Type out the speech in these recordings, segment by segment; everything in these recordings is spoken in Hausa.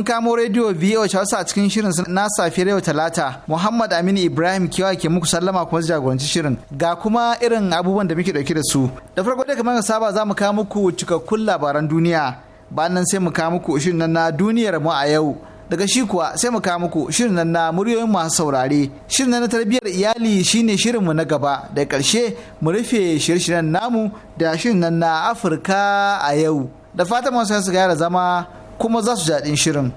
mun kamo rediyo VOA wasu a cikin shirin na safiyar yau Talata. Muhammad Aminu Ibrahim kewa ke muku sallama kuma jagoranci shirin. Ga kuma irin abubuwan da muke dauke da su. Da farko dai kamar saba za mu kawo muku cikakkun labaran duniya. Bayan nan sai mu kawo muku shirin nan na duniyar mu a yau. daga shi kuwa sai mu kawo muku shirin nan na muryoyin masu saurare shirin na tarbiyyar iyali shine shirin mu na gaba da karshe mu rufe shirye-shiryen namu da shirin nan na afirka a yau da fatan masu su yara zama kuma za su jaɗin shirin.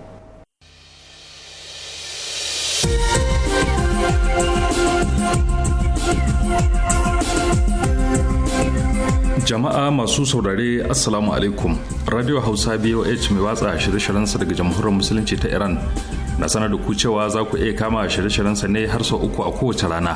jama'a masu saurare assalamu alaikum radio hausa boh mai watsa shirye shiryen sa daga jamhuriyar musulunci ta iran na sanar da ku cewa za ku iya kama shirye shiryen sa ne har sau uku a kowace rana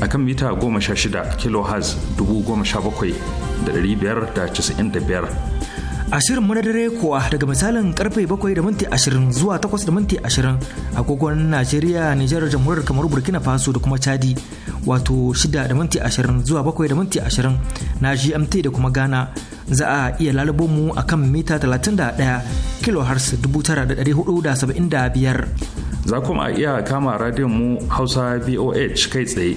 a kan mita 16 kHz 17,595. a shirin na dare kuwa daga misalin karfe 7:20 da zuwa 8:20 da minti agogon Najeriya, Nijar, Jamhuriyar kamar Burkina Faso da kuma Chadi wato 6:20 zuwa 7:20 na GMT da kuma Ghana za a iya lalubo mu a kan mita 31 kHz 9475. Za kuma a iya kama radiyon mu Hausa boh kai tsaye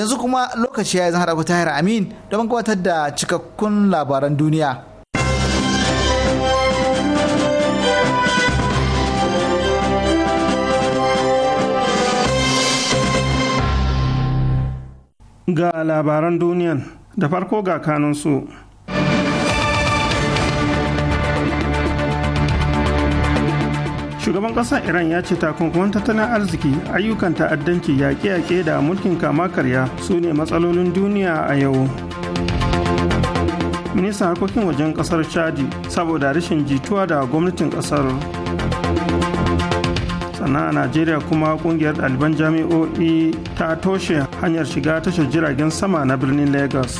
yanzu kuma lokaci ya yi zan harabu tahir amin don gabatar da cikakkun labaran duniya ga labaran duniyan da farko ga kanunsu shugaban ƙasar iran ya ce takunkuman tattalin arziki ayyukan ta'addanci yaƙe-yaƙe da mulkin kama karya su ne matsalolin duniya a yau ministan harkokin wajen ƙasar chadi saboda rashin jituwa da gwamnatin ƙasar sannan a najeriya kuma ƙungiyar ɗaliban jami'o'i ta toshe hanyar shiga tashar jiragen sama na birnin lagos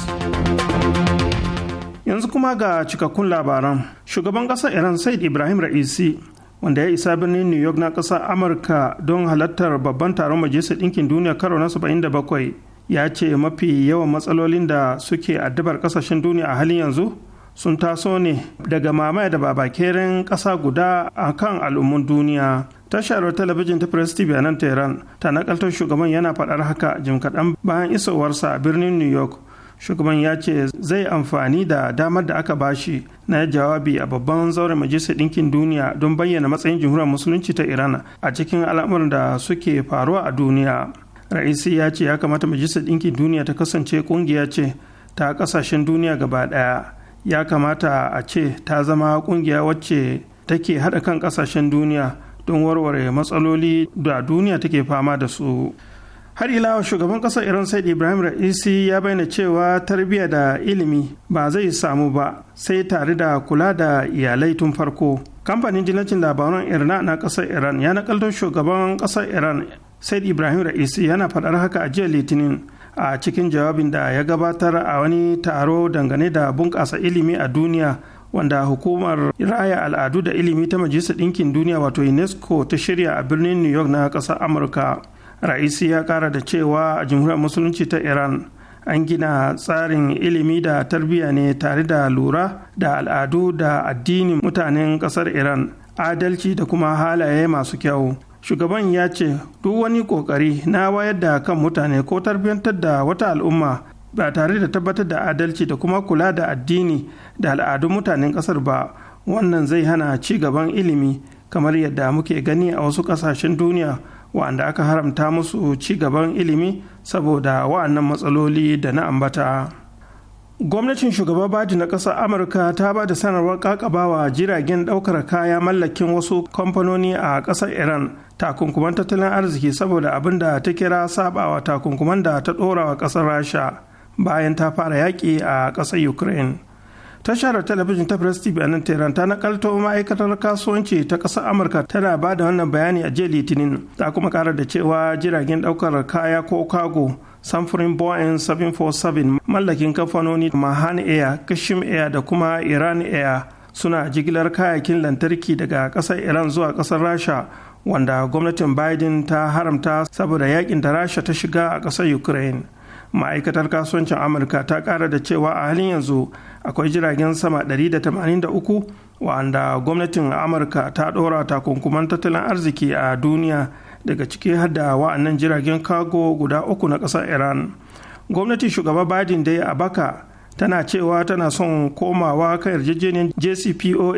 yanzu kuma ga cikakkun labaran shugaban ƙasar iran said ibrahim ra'isi wanda ya isa birnin new york na ƙasar amurka don halartar babban taron majalisar ɗinkin duniya karo na 77 ya ce mafi yawan matsalolin da suke addabar ƙasashen duniya a halin yanzu sun taso ne daga mamaya da babakeren ƙasa guda a kan al'ummun duniya tashar talabijin ta press tv a nan tehran ta nakaltar shugaban yana faɗar haka jim kaɗan bayan isowarsa a birnin new york shugaban ya ce zai amfani da damar da aka bashi na jawabi a babban zauren majalisar ɗinkin duniya don bayyana matsayin jamhuriyar musulunci ta iran a cikin al'amuran da suke faruwa a duniya ra'isi ya ce ya kamata majalisar ɗinkin duniya ta kasance ƙungiya ce ta ƙasashen duniya gaba ɗaya ya kamata a ce ta zama ƙungiya wacce take haɗa kan ƙasashen duniya don warware matsaloli da duniya take fama da su har ila shugaban kasar iran said ibrahim ra'isi ya bayyana cewa tarbiyya da ilimi ba zai samu ba sai tare da kula da iyalai tun farko kamfanin jinacin labaran irna na kasar iran ya nakalto shugaban kasar iran said ibrahim ra'isi yana faɗar haka a jiya litinin a cikin jawabin da ya gabatar a wani taro dangane da bunƙasa ilimi a duniya wanda hukumar raya al'adu da ilimi ta majalisar ɗinkin duniya wato unesco ta shirya a birnin new york na ƙasar amurka ra'isi ya kara da cewa a jamhuriyar musulunci ta iran an gina tsarin ilimi da tarbiyya ne tare da lura da al'adu da addinin mutanen kasar iran adalci da kuma halaye masu kyau shugaban ya ce duk wani kokari na wayar da kan mutane ko tarbiyyantar da wata al'umma ba tare da tabbatar da adalci da kuma kula da addini da al'adun mutanen kasar ba wannan zai hana ci gaban ilimi kamar yadda muke gani a wasu kasashen duniya wa'anda aka haramta musu ci gaban ilimi saboda wa'annan matsaloli da na ambata gwamnatin shugaba baji na ƙasar amurka ta ba da sanarwar kakabawa jiragen ɗaukar kaya mallakin wasu kamfanoni a ƙasar iran takunkuman tattalin arziki saboda abin da ta kira sabawa takunkuman da ta ɗora wa ƙasar rasha bayan ta fara yaƙi a ƙasar ukraine tashar talabijin ta press tv a nan tehran ta nakalto ma'aikatar kasuwanci ta ƙasar amurka tana ba da wannan bayani a jiya litinin ta kuma ƙara da cewa jiragen ɗaukar kaya ko kago samfurin boeing 747 mallakin kamfanoni mahan air kashim air da kuma iran air suna jigilar kayakin lantarki daga ƙasar iran zuwa ƙasar rasha wanda gwamnatin biden ta haramta saboda yakin da rasha ta shiga a ƙasar ukraine ma'aikatar kasuwancin amurka ta kara da cewa a halin yanzu akwai jiragen sama 183 wa'anda gwamnatin amurka ta ɗora takunkuman tattalin arziki a duniya daga ciki har da wa'annan jiragen kago guda uku na ƙasar iran gwamnatin shugaba biden dai a baka tana cewa tana son komawa kan yarjejeniyar jcpoa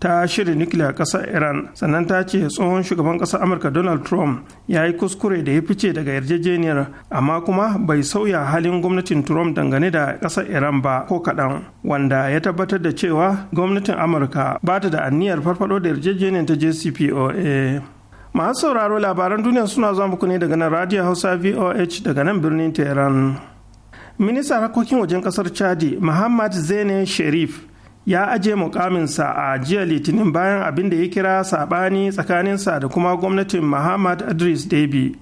ta shirin nukiliya ƙasar iran sannan ta ce tsohon shugaban ƙasar amurka donald trump ya yi kuskure da ya fice daga yarjejeniyar amma kuma bai sauya halin gwamnatin trump dangane da ƙasar iran ba ko kaɗan wanda ya tabbatar da cewa gwamnatin amurka ba ta da anniyar farfado da yarjejeniyar ta jcpoa masu sauraro labaran duniya suna zuwa muku ne daga nan radio hausa voh daga nan birnin tehran ministan harkokin wajen kasar chadi muhammad zene sherif ya aje mukaminsa a jiya litinin bayan abin da ya kira saɓani tsakaninsa da kuma gwamnatin muhammad idris debi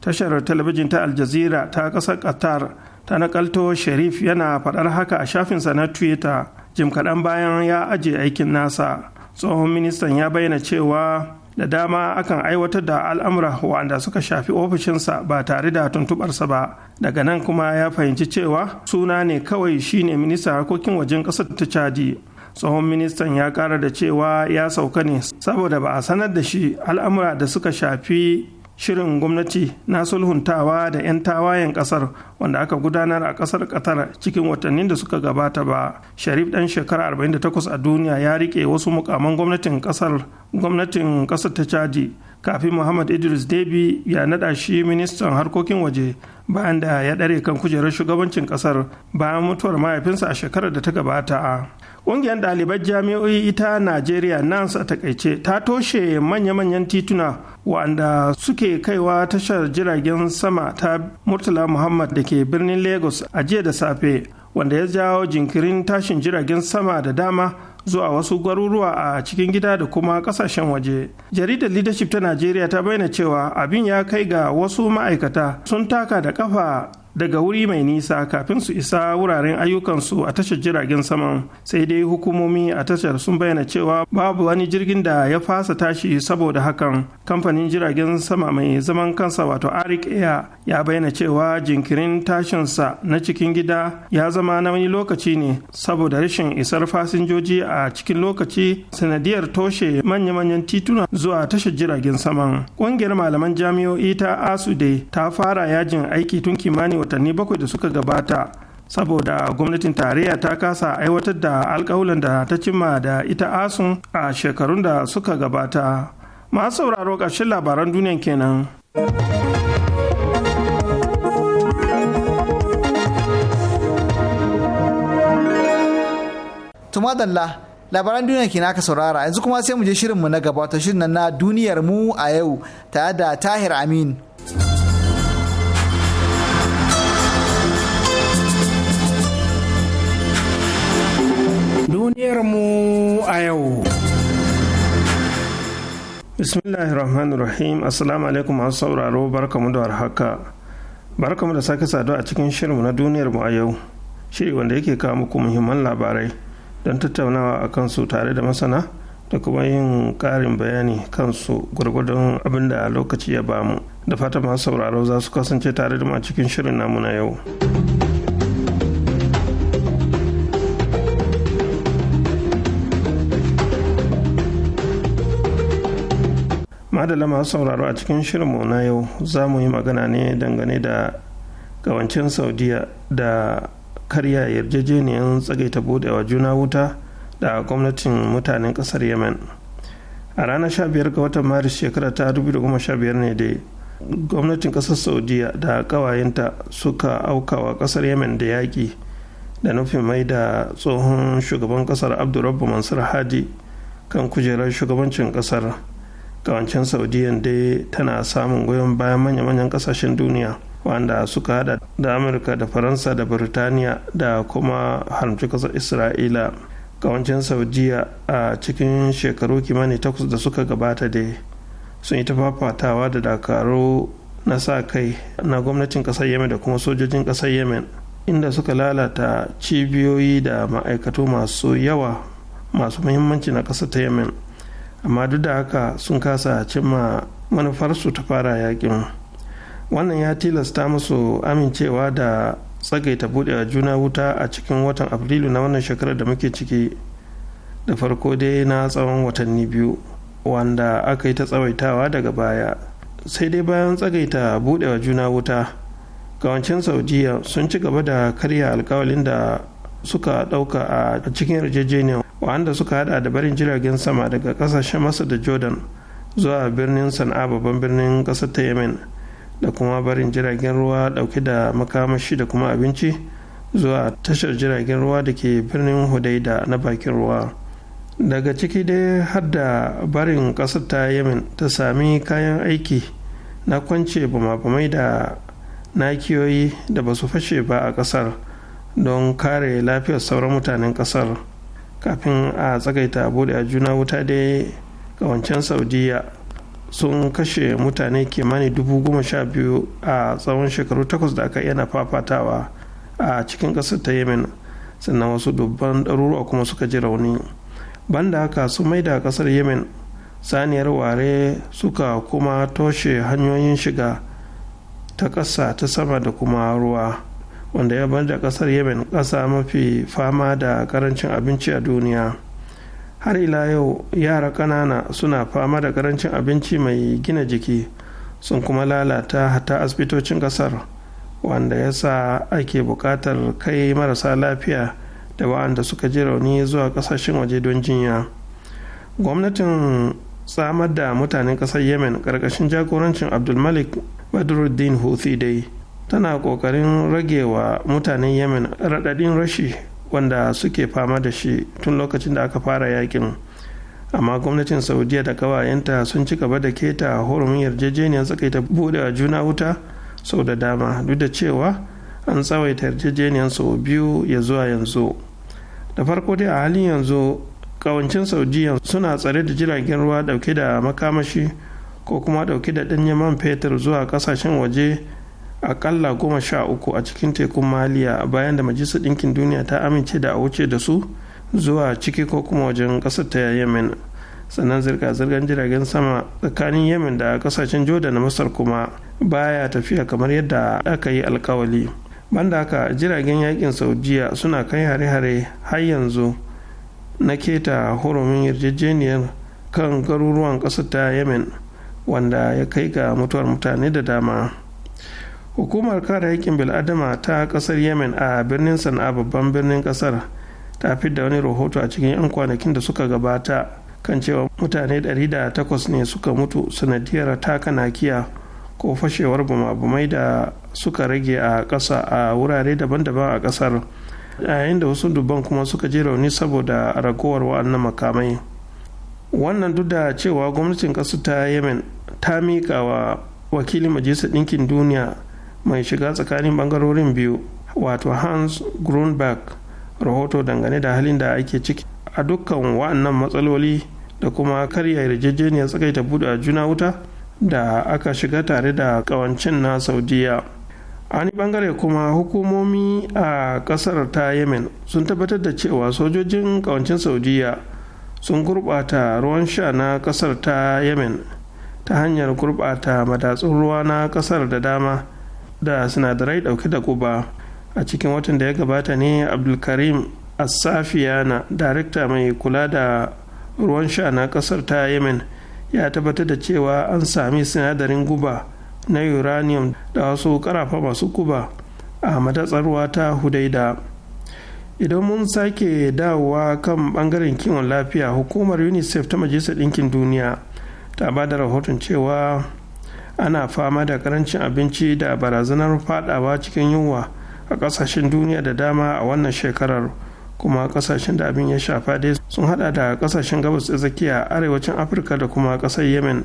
tashar talabijin ta aljazira ta ƙasar qatar ta nakalto sharif yana faɗar haka a shafinsa na twitter jim kaɗan bayan ya aje aikin nasa tsohon ministan ya bayyana cewa da dama akan aiwatar da al'amura waɗanda suka shafi ofishinsa ba tare da tuntubarsa ba daga nan kuma ya fahimci cewa suna ne kawai shine ministan harkokin wajen ƙasar ta chadi tsohon ministan ya ƙara da cewa ya sauka ne saboda ba a sanar da shi al'amura da suka shafi shirin gwamnati na sulhuntawa da 'yan tawayen kasar wanda aka gudanar a kasar qatar cikin watannin da suka gabata ba sharif dan shekara 48 a duniya ya rike wasu mukaman gwamnatin kasar gwamnatin kasar ta chadi kafin muhammad idris debi ya nada shi ministan harkokin waje bayan da ya dare kan kujerar shugabancin kasar bayan mutuwar mahaifinsa a shekarar da ta gabata ƙungiyar ɗaliban jami'o'i ita najeriya nans a takaice ta toshe manya-manyan tituna wa'anda suke kaiwa tashar jiragen sama ta murtala muhammad da ke birnin lagos a jiya da safe wanda ya jawo jinkirin tashin jiragen sama da dama zuwa wasu garuruwa a cikin gida da kuma kasashen waje. Jaridar Leadership ta Najeriya ta bayyana cewa abin ya kai ga wasu ma'aikata sun taka da kafa daga wuri mai nisa kafin su isa wuraren ayyukansu a tashar jiragen saman sai dai hukumomi a tashar sun bayyana cewa babu wani jirgin da ya fasa tashi saboda hakan kamfanin jiragen sama mai zaman kansa wato arik air ya bayyana cewa jinkirin tashinsa na cikin gida ya zama na wani lokaci ne saboda rashin isar fasinjoji a cikin lokaci sanadiyar toshe manya-manyan tituna zuwa tashar jiragen saman ƙungiyar malaman jami'o'i ta asude ta fara yajin aiki tun kimanin watanni bakwai da suka gabata saboda gwamnatin tarayya ta kasa aiwatar da alkawulan da ta cimma da ita asun a shekarun da suka gabata masu sauraro ƙarshen labaran duniyan kenan. tumadalla labaran duniya ke naka saurara yanzu kuma sai mu je shirinmu na gaba ta shirin na duniyar mu a yau tare da tahir amin. mu a yau. bismillahir rahmanir rahim assalamu alaikum masu sauraro barkamu da warhaka barkamu da sake saduwa a cikin shirinmu na duniyarmu a yau shiri wanda yake kawo muku muhimman labarai don tattaunawa a kansu tare da masana da kuma yin karin bayani kansu gwargwadon abin da lokaci ya bamu da fata masu sauraro za su kasance tare da mu a cikin shirin namu na yau. madalla masu sauraro a cikin shirinmu na yau za mu yi magana ne dangane da gawancin saudiya da karya yarjejeniyar tsagaita budewa juna wuta da gwamnatin mutanen kasar yemen a ranar 15 ga watan maris shekara ta 2015 ne da gwamnatin kasar saudiya da kawayenta suka aukawa kasar yemen da yaƙi da nufin mai da tsohon shugaban kasar abdurrabbu mansur hadi kan kujerar shugabancin kasar kawancin saudiyan dai tana samun goyon bayan manya-manyan kasashen duniya wanda suka hada da amurka da faransa da birtaniya da kuma haramci kasar isra'ila kawancin saudiya a cikin shekaru kimanin takwas da suka gabata da sun yi tafafatawa da dakaru na sa kai na gwamnatin kasar yemen da kuma sojojin kasar yemen inda suka lalata cibiyoyi da ma'aikatu masu yawa masu muhimmanci na kasar ta yemen amma duk da haka sun kasa cimma manufarsu ta fara yakin wannan ya tilasta musu amincewa da tsagaita buɗe juna wuta a cikin watan afrilu na wannan shekarar da muke ciki da farko dai na tsawon watanni biyu wanda aka yi ta tsawaitawa daga baya sai dai bayan tsagaita buɗewa juna wuta kawancin saudiya sun ci gaba da karya alkawalin da suka ɗauka a cikin yarjejeniyar wanda suka hada da barin jiragen sama daga kasashen masa da jordan zuwa birnin sana'a babban birnin kasar ta yemen da kuma barin jiragen ruwa dauke da makamashi da kuma abinci zuwa tashar jiragen ruwa da ke birnin hudaida na bakin ruwa daga ciki dai har da barin kasar ta yemen ta sami kayan aiki na kwance bama-bamai da nakiyoyi da ba su fashe ba a kasar don kare lafiyar sauran mutanen kasar. kafin a tsagaita bude a juna wuta dai kawancen saudiya sun kashe mutane kimani dubu goma sha biyu a tsawon shekaru takwas da aka yana fafatawa a cikin ƙasar ta yemen sannan wasu dubban ɗaruruwa kuma suka ji rauni banda haka sun da ƙasar yemen saniyar ware suka kuma toshe hanyoyin shiga ta ƙasa ta sama da kuma ruwa. wanda ya bar da kasar yemen kasa mafi fama da karancin abinci a duniya har ila yau yara ƙanana suna fama da karancin abinci mai gina jiki sun kuma lalata hata asibitocin kasar wanda ya sa ake buƙatar kai marasa lafiya da wa'anda suka ji rauni zuwa kasashen waje don jinya gwamnatin samar da mutanen kasar yemen ƙarƙashin jagorancin abdulmalik badruddin houthi dai tana kokarin rage wa mutanen yemen raɗaɗin rashi wanda suke fama da shi tun lokacin da aka fara yakin amma gwamnatin saudiya da kawayenta sun ci gaba da keta horumin yarjejeniyar tsakaita buɗe juna wuta sau da dama duk da cewa an tsawaita yarjejeniyar sau biyu ya zuwa yanzu da farko dai a halin yanzu kawancin saudiya suna tsare da jiragen ruwa dauke da makamashi ko kuma dauke da danyen man fetur zuwa kasashen waje akalla goma sha uku a cikin tekun maliya bayan da majalisar ɗinkin duniya ta amince da a wuce da su zuwa ciki ko kuma wajen ƙasar ta yemen sannan zirga-zirgar jiragen sama tsakanin yemen da ƙasashen joda na masar kuma baya tafiya kamar yadda aka yi alkawali banda haka jiragen yakin saudiya suna kai hare-hare har yanzu na keta hurumin yarjejeniyar kan garuruwan ƙasar ta yemen wanda ya kai ga mutuwar mutane da dama. hukumar kare haƙƙin bil'adama ta ƙasar yemen a birnin sana'a babban birnin ƙasar ta fi da wani rahoto a cikin 'yan kwanakin da suka gabata kan cewa mutane 108 ne suka mutu sanadiyar takanakiya ko fashewar bumabumai da suka rage a ƙasa a wurare daban-daban a ƙasar yayin da wasu dubban kuma suka ji rauni saboda ragowar wa'annan makamai wannan duk da cewa gwamnatin ƙasar ta yemen ta miƙa wa wakilin majalisar ɗinkin duniya mai shiga tsakanin bangarorin biyu wato hans grunberg rahoto dangane da halin da ake ciki a dukkan wa'annan matsaloli da kuma karya yarjejeniyar tsakaita buɗe a juna wuta da aka shiga tare da kawancin na saudiya wani bangare kuma hukumomi a kasar ta yemen sun tabbatar da cewa sojojin kawancin saudiya sun gurɓata ruwan sha na kasar ta yemen ta hanyar gurɓata madatsun ruwa na kasar da dama da sinadarai dauke da guba a cikin watan da ya gabata ne abdulkarim asafiyana darekta mai kula da ruwan sha na kasar ta yemen ya tabbatar da cewa an sami sinadarin guba na uranium da wasu karafa masu guba a madatsarwa ta hudaida idan mun sake dawowa kan bangaren kiwon lafiya hukumar unicef ta majalisar ɗinkin duniya ta ba da rahoton cewa ana fama da karancin abinci da barazanar fadawa cikin yunwa a kasashen duniya da dama a wannan shekarar kuma kasashen da abin ya shafa dai sun hada da kasashen gabas ta tsakiya arewacin afirka da kuma kasar yemen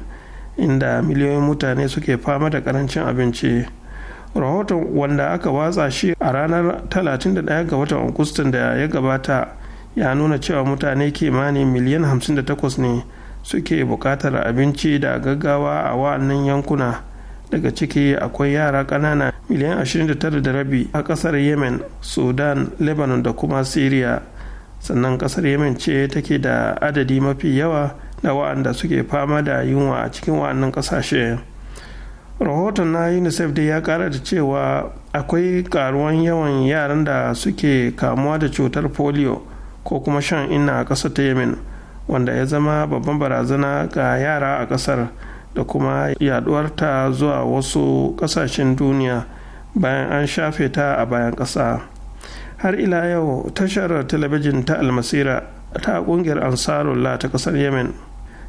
inda miliyoyin mutane suke fama da karancin abinci rahoton wanda aka watsa shi a ranar 31 ga watan agustan da ya gabata ya nuna cewa mutane kimanin miliyan 58 ne suke buƙatar abinci da gaggawa a wa'annan yankuna daga ciki akwai yara ƙanana miliyan 29.5 a ƙasar yemen sudan lebanon da kuma syria sannan ƙasar yemen ce take da adadi mafi yawa na wa'anda suke fama da yunwa a cikin wa'annan ƙasashe rahoton na unicef dai ya ƙara da cewa akwai karuwan yawan yaran da suke kamuwa da cutar polio ko kuma shan inna a ƙasar ta yemen wanda ya zama babban barazana ga yara a kasar da kuma yaduwarta zuwa wasu ƙasashen duniya bayan an shafe ta a bayan ƙasa har ila yau tashar talabijin ta almasira ta ƙungiyar ansarullah ta ƙasar yemen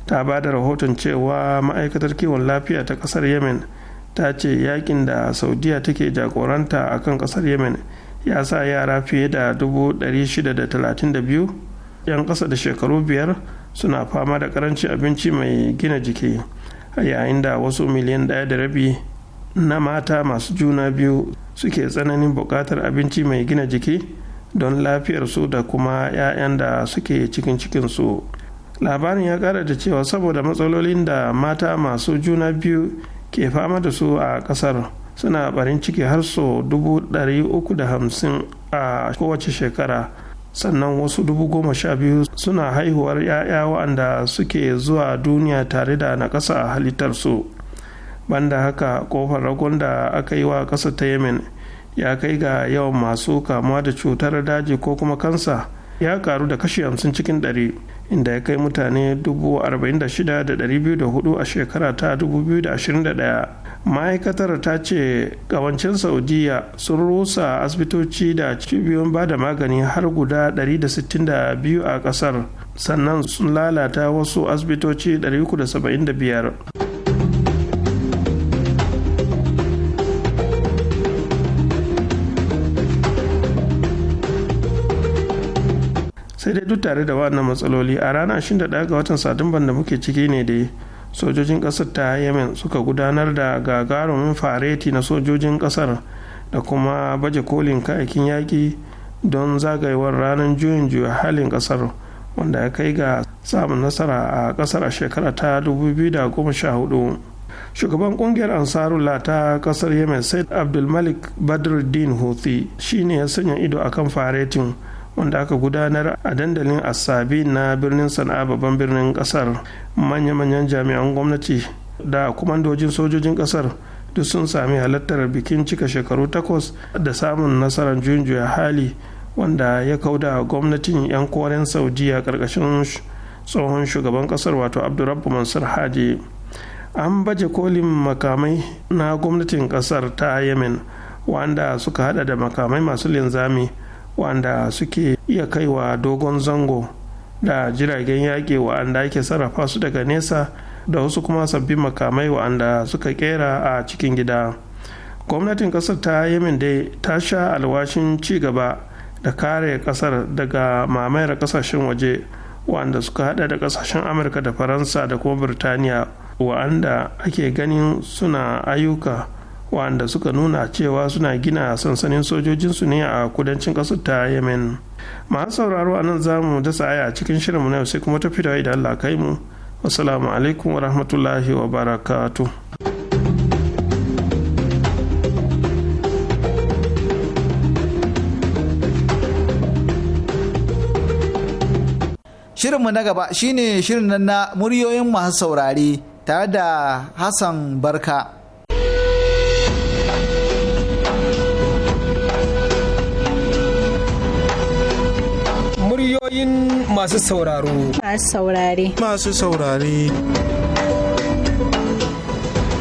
ta ba da rahoton cewa ma'aikatar kiwon lafiya ta ƙasar yemen ta ce yakin da saudiya take jagoranta a kan ƙasar yemen ya sa yara fiye da 632 'yan ƙasa da shekaru biyar suna fama da karanci abinci mai gina jiki yayin da wasu miliyan ɗaya da rabi na mata masu juna biyu suke tsananin buƙatar abinci mai gina jiki don lafiyarsu da kuma 'ya'yan da suke cikin cikinsu labarin ya ƙara da cewa saboda matsalolin da mata masu juna biyu ke fama da su a ƙasar suna barin ciki har so 350 a kowace shekara sannan wasu dubu goma sha biyu suna haihuwar 'ya'ya waɗanda suke zuwa duniya tare da na ƙasa a halittarsu banda haka kofar ragon da aka yi wa ƙasa ta yemen ya kai ga yawan masu kamuwa da cutar daji ko kuma kansa ya karu da kashi hamsin cikin ɗari inda ya kai mutane 46,204 a shekara ta 2021 ma'aikatar ta ce kawancin saudiya sun rusa asibitoci da cibiyoyin ba da magani har guda 162 a kasar sannan sun lalata wasu asibitoci 375 dai duk tare da wannan matsaloli a ranar 21 ga watan satumban da muke ciki ne dai sojojin ƙasar ta yemen suka gudanar da gagarumin fareti na sojojin ƙasar da kuma baje kolin kayakin yaƙi don zagayewar ranar juyin juya halin ƙasar wanda ya kai ga samun nasara a ƙasar a shekara ta 2014 shugaban kungiyar ansarula ta kasar yemen said abdulmalik badruddin houthi shine ya sanya ido akan faretin wanda aka gudanar a dandalin asabi na birnin sana'a babban birnin kasar manya-manyan jami'an gwamnati da kwamandojin sojojin kasar duk sun sami halartar bikin cika shekaru takwas da samun nasarar junjuya hali wanda ya kauda gwamnatin 'yan koren saudiya karkashin tsohon shugaban kasar wato abdurrabbu mansur hadi an baje kolin makamai na gwamnatin kasar ta yemen wanda suka hada da makamai masu linzami wanda suke iya kaiwa dogon zango da jiragen yaƙi wa'anda ake sarrafa su daga nesa da wasu kuma sabbin makamai wa'anda suka kera a cikin gida gwamnatin ƙasar ta yemen dai ta sha alwashin ci gaba da kare ƙasar daga mamayar ƙasashen waje wa'anda suka hada da ƙasashen amurka da faransa da kuma birtaniya wa'anda ake ganin suna ayyuka wanda suka nuna cewa suna gina sansanin sojojinsu ne a kudancin ƙasar ta yemen masu sauraro a nan zamu dasa aya a cikin shirinmu na yau sai kuma ta da idan allah kai mu wasalamu alaikum wa rahmatullahi wa shirin Shirinmu na gaba shine shirin na muryoyin masu saurare tare da Hassan Barka. Ra'ayoyin masu sauraro. Masu saurare. Masu saurare.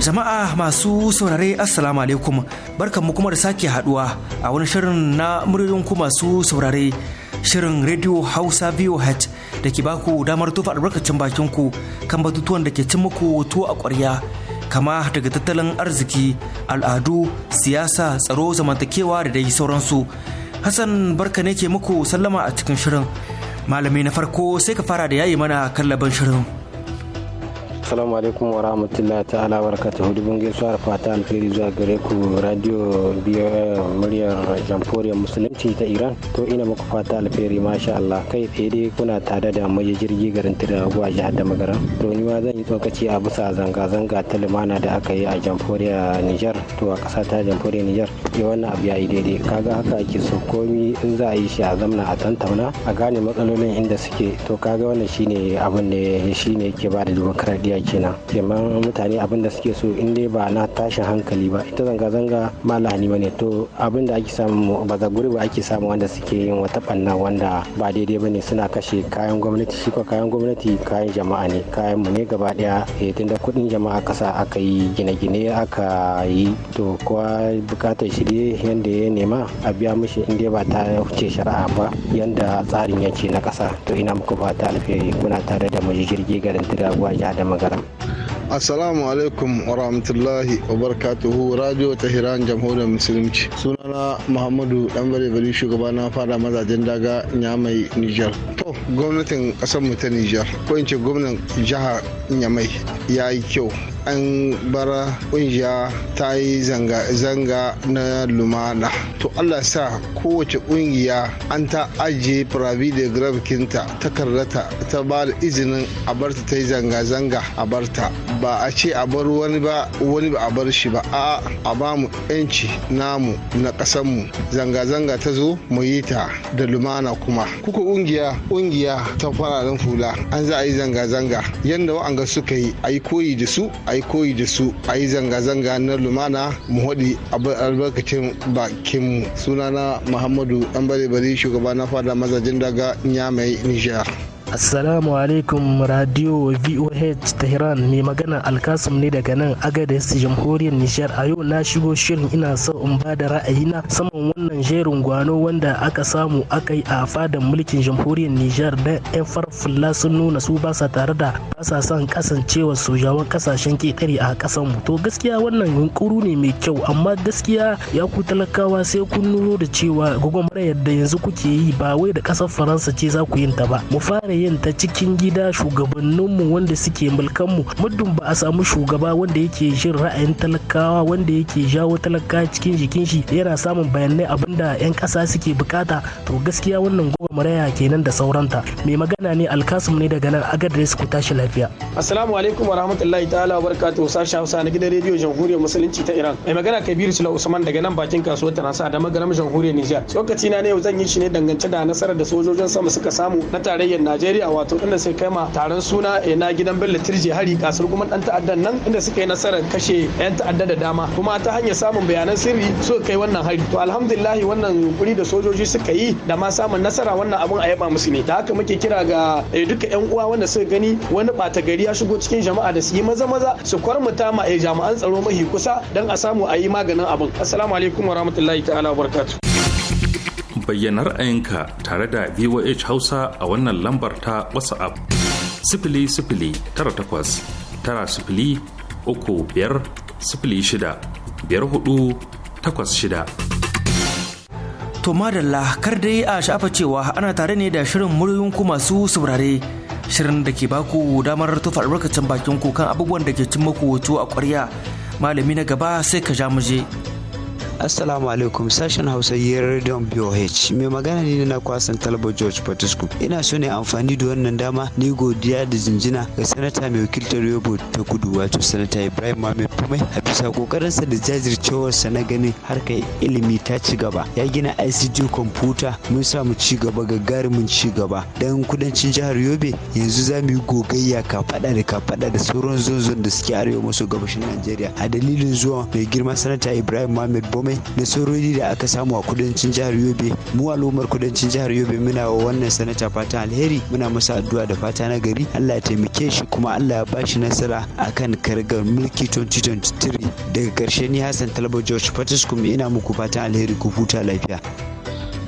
Jama'a masu saurare Assalamu alaikum barkanmu kuma da sake haduwa a wani shirin na muryoyin masu saurare shirin Radio Hausa VOH da ke baku damar tufa albarkacin bakin ku kan batutuwan da ke cin muku tuwo a ƙwarya kama daga tattalin arziki, al'adu, siyasa, tsaro, zamantakewa da dai sauransu. Hassan barka ne ke muku sallama a cikin shirin malami na farko sai ka fara da yayi mana kallaban shirin assalamu alaikum wa rahmatullahi ta'ala wa hudu dubin gaisuwa da fata alheri zuwa gare ku radio biyo muryar jamhuriyar musulunci ta iran to ina muku fata alheri masha Allah kai tsaye dai kuna tare da maji jirgi garin tira a jihar da magaran to ni ma zan yi tsokaci a bisa zanga-zanga ta lumana da aka yi a jamhuriyar niger to a ƙasa ta jamhuriyar niger ya eh, wannan abu ya yi daidai kaga haka ake so komi in za a yi shi a zamna a tantauna a gane matsalolin inda suke to kaga wannan shine abin da shine ke ba da dimokuraɗiyya najeriya kenan keman mutane abin da suke so in dai ba na tashin hankali ba ita zanga-zanga ba lahani ba ne to abin da ake samu ba zaguri ba ake samu wanda suke yin wata banna wanda ba daidai ba ne suna kashe kayan gwamnati shi kayan gwamnati kayan jama'a ne kayan mu ne gaba daya eh tunda kudin jama'a kasa aka yi gine-gine aka yi to kowa bukatar shi dai yanda ya nema a biya mishi in dai ba ta wuce shari'a ba yanda tsarin yake na kasa to ina muku fata alheri kuna tare da mu jirgi garin tiraguwa jihar da asalamu assalamu alaikum wa rahmatullahi wa barakatuhu radio tahiran jamhuriyar musulunci sunana muhammadu dan bare shugaba na fara mazajen daga nyamai niger to gwamnatin kasar mu ta niger ko in ce gwamnan jihar nyamai ya yi kyau an bara kungiya ta yi zanga-zanga na lumana to allah sa kowace kungiya an ta ajiye firavi da ta takardata ta ba da izinin a barta ta yi zanga-zanga a barta ba a ce a bar wani ba wani ba a bar shi ba a a ba mu yanci namu na ƙasarmu zanga-zanga ta zo mu yi ta da lumana kuma kuka kungiya kungiya ta fararen fula an za a yi zanga-zanga yadda wa'anga suka yi a yi koyi da su a yi koyi da su a yi zanga-zanga na lumana mu haɗi albarkacin bakin mu sunana muhammadu ɗan bare-bare shugaba na fada mazajin daga nyamai nijar Assalamu alaikum Radio VOH Tehran mai magana alkasim ne daga nan Agadez Jamhuriyar Nijar a yau na shigo shirin ina so in ba da ra'ayina saman wannan jerin gwano wanda aka samu aka yi a fadan mulkin Jamhuriyar Nijar da yan farfulla sun nuna su ba sa tare da ba sa son kasancewa sojawan kasashen ketare a kasan mu to gaskiya wannan yunkuru ne mai kyau amma gaskiya ya ku talakawa sai kun nuno da cewa gwagwamara yadda yanzu kuke yi ba wai da kasar Faransa ce za ku yin ta ba mu fara yin ta cikin gida shugabanninmu wanda suke mulkanmu muddin ba a samu shugaba wanda yake jin ra'ayin talakawa wanda yake jawo talaka cikin jikin shi yana samun bayanai abinda 'yan kasa suke bukata to gaskiya wannan gobe maraya kenan da sauranta mai magana ne alkasum ne daga nan agadres ku tashi lafiya assalamu alaikum warahmatullahi ta'ala wabarakatuh sashi hausa na gidan rediyo jamhuriyar musulunci ta iran mai magana kabiru sula usman daga nan bakin kasuwar nasa da magaram jamhuriyar nijar lokaci na ne yau zan yi shi ne dangance da nasarar da sojojin sama suka samu na tarayyar najeriya najeriya wato inda sai kai ma taron suna eh, na gidan bello turji hari kasar kuma dan ta'addan nan inda suka yi nasarar kashe yan ta'adda da dama kuma ta hanyar samun bayanan sirri suka kai wannan hari to alhamdulillah wannan yunkuri da sojoji suka yi da ma samun nasara wannan abun a yaba musu ne da haka muke kira ga eh, duka yan uwa wanda suka gani wani bata gari ya shigo cikin jama'a da su yi maza maza su kwarmuta ma eh, jami'an tsaro mahi kusa don a samu a yi maganin abin assalamu alaikum warahmatullahi ta'ala wabarakatuh bayyana ra'ayinka tare da voh hausa a wannan lambar ta whatsapp sifili sifili tara takwas tara sifili uku biyar sifili shida biyar hudu takwas shida to madalla kar dai a sha'afa cewa ana tare ne da shirin muryoyin ku masu saurare shirin da ke baku damar tufa albarkacin bakin ku kan abubuwan da ke cin muku tuwo a kwarya malami na gaba sai ka ja muje. Assalamu alaikum sashen Hausa yi Radio BOH. Mai magana ne na kwasan Talba George Patiskum. Ina so ne amfani da wannan dama ni godiya da jinjina ga sanata mai wakiltar Yobo ta Kudu wato sanata Ibrahim Mohammed Pumai a bisa kokarinsa da jajircewarsa na ganin harkar ilimi ta ci gaba. Ya gina ICT computer mun samu ci gaba gagarumin ci gaba. Dan kudancin jihar Yobe yanzu za mu yi gogayya ka kafaɗa da ka kafaɗa da sauran zonzon da suke arewa maso gabashin Najeriya. A dalilin zuwa mai girma sanata Ibrahim Mohammed komai nasarori da aka samu a kudancin jihar yobe mu al'ummar kudancin jihar yobe muna wa wannan sanata fatan alheri muna masa addu'a da fata na gari allah ya taimake shi kuma allah ya shi nasara a kan kargar mulki 2023 daga karshe ni hassan talaba george fatiskum ina muku fatan alheri ku huta lafiya